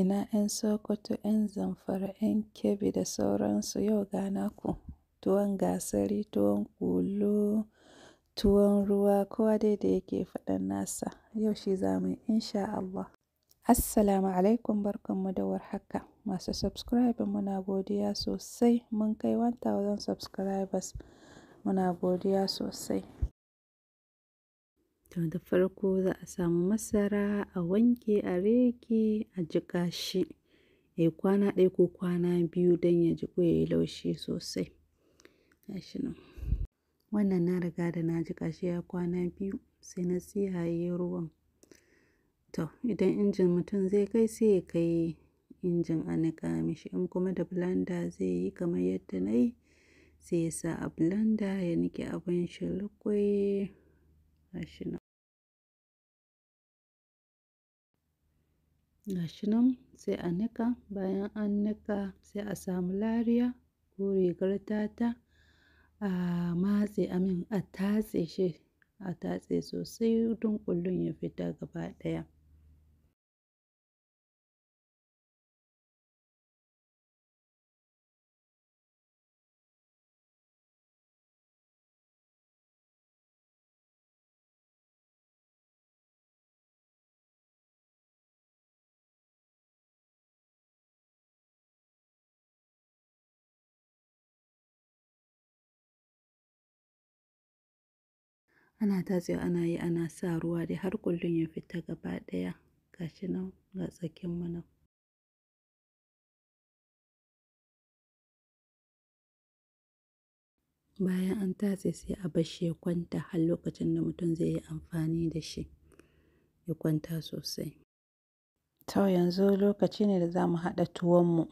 Ina ‘yan Sokoto, ƴan Zamfara, ‘yan Kebbi da sauransu yau ga naku, tuwon gasari, tuwon kulu, tuwon ruwa, kowa dai da yake faɗan nasa, yau shi zamuyi in sha Allah. Assalamu alaikum barkanmu da warhaka. Masu subscribe muna godiya sosai mun kai 1000 subscribers muna godiya sosai. To da farko za a samu masara, a wanke, a reke, a jiƙa shi, yi kwana ɗaya ko kwana biyu don ya jiƙu yi laushi sosai. Gashi nan. Wannan na riga da na jiƙa shi ya kwana biyu sai na tsiyaye ruwan. To idan injin mutum zai kai sai ya kai injin a niƙa mishi in kuma da blanda zai yi kamar yadda na yi sai ya sa a blanda ya nike abun shi luƙwai gashi nan. gashi nan sai a nika bayan an nika sai a samu lariya ko rigar tata a matse amin a tatse shi a tatse sosai dunƙullen ya fita gaba ɗaya ana tatsewa ana yi ana sa ruwa dai har kullum ya fita gaba ɗaya gashi nan ga nan bayan an tatse sai a bashi ya kwanta har lokacin da mutum zai yi amfani da shi ya kwanta sosai to yanzu lokaci ne da za mu haɗa tuwon mu.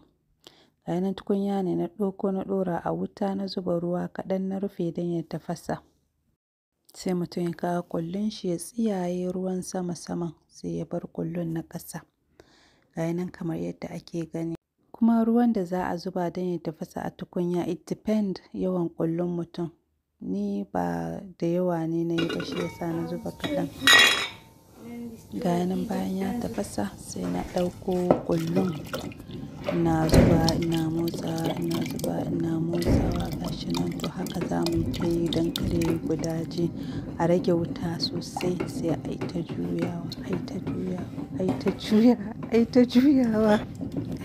nan tukunya ne na ɗauko na ɗora a wuta na zuba ruwa kaɗan na rufe don ya tafasa sai mutum ya kawo ƙullun shi ya tsiyaye ruwan sama-saman sai ya bar kullun na ƙasa ga nan kamar yadda ake gani kuma ruwan da za a zuba don ya tafasa a tukunya it depend yawan kullun mutum ni ba da yawa ne na yi ba shi sa na zuba kaɗan ga nan bayan ya tafasa sai na ɗauko ƙullun ina zuba ina motsa ina zuba ina motsawa gashi nan to haka za mu ta yi don kare ji. a rage wuta sosai sai a yi ta juyawa ai ta juyawa ai ta juyawa ai ta juyawa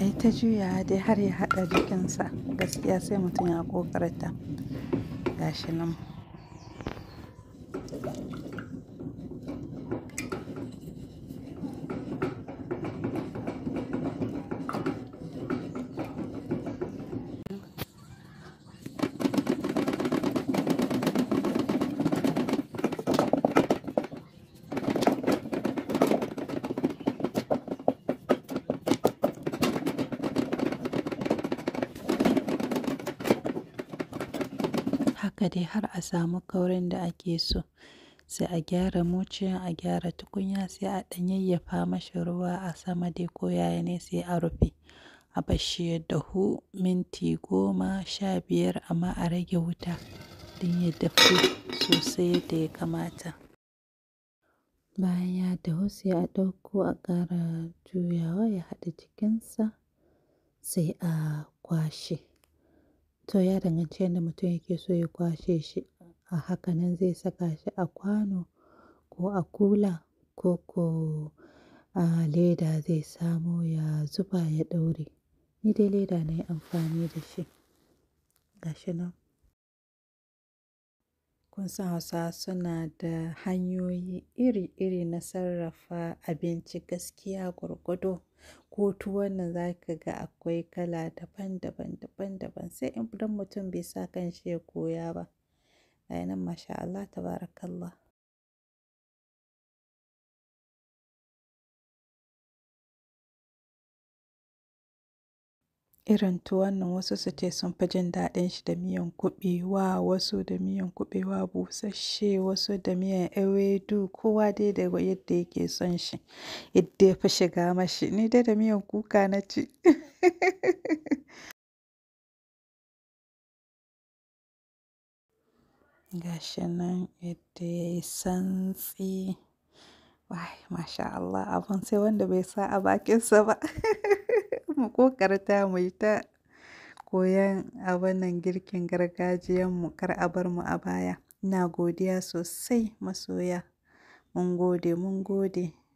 ai ta juyawa dai har ya haɗa jikinsa gaskiya sai mutum ya ƙoƙarta gashi nan haka dai har a samu kaurin da ake so sai a gyara muciya a gyara tukunya sai a ɗan yayyafa mashi ruwa a sama dai ko yaya ne sai a rufe a barshi ya dahu minti goma sha biyar amma a rage wuta don ya dafu sosai da ya kamata bayan ya dahu sai a ɗauko a ƙara juyawa ya haɗa cikinsa sai a kwashe to ya danganci yadda mutum yake so ya kwashe shi a haka nan zai saka shi a kwano ko a kula ko ko a leda zai samo ya zuba ya ɗaure ni dai leda na yi amfani da shi gashi nan Kun san Hausawa suna da hanyoyi iri-iri na sarrafa abinci gaskiya gwargwado. Ko tuwon nan za ka ga akwai kala daban-daban, daban-daban sai idan mutum bai sa kan shi ya koya ba. Ga ya Allah Tabarakallah. Irin tu wasu su ce sun fi jin daɗin shi da miyan kuɓewa, wasu da miyan kuɓewa busasshe, wasu da miyan ewedu, kowa dai da yadda yake son shi, yadda ya fi shiga mashi. Ni dai da miyan kuka na ci. Gashi nan yadda yi santsi. Wai masha Allah abin sai wanda bai sa a bakinsa ba. mu ƙoƙarta mu yi ta koyan abun nan girkin gargajiyan mu kar a bar mu a baya. Ina godiya sosai masoya. Mun gode, mun gode.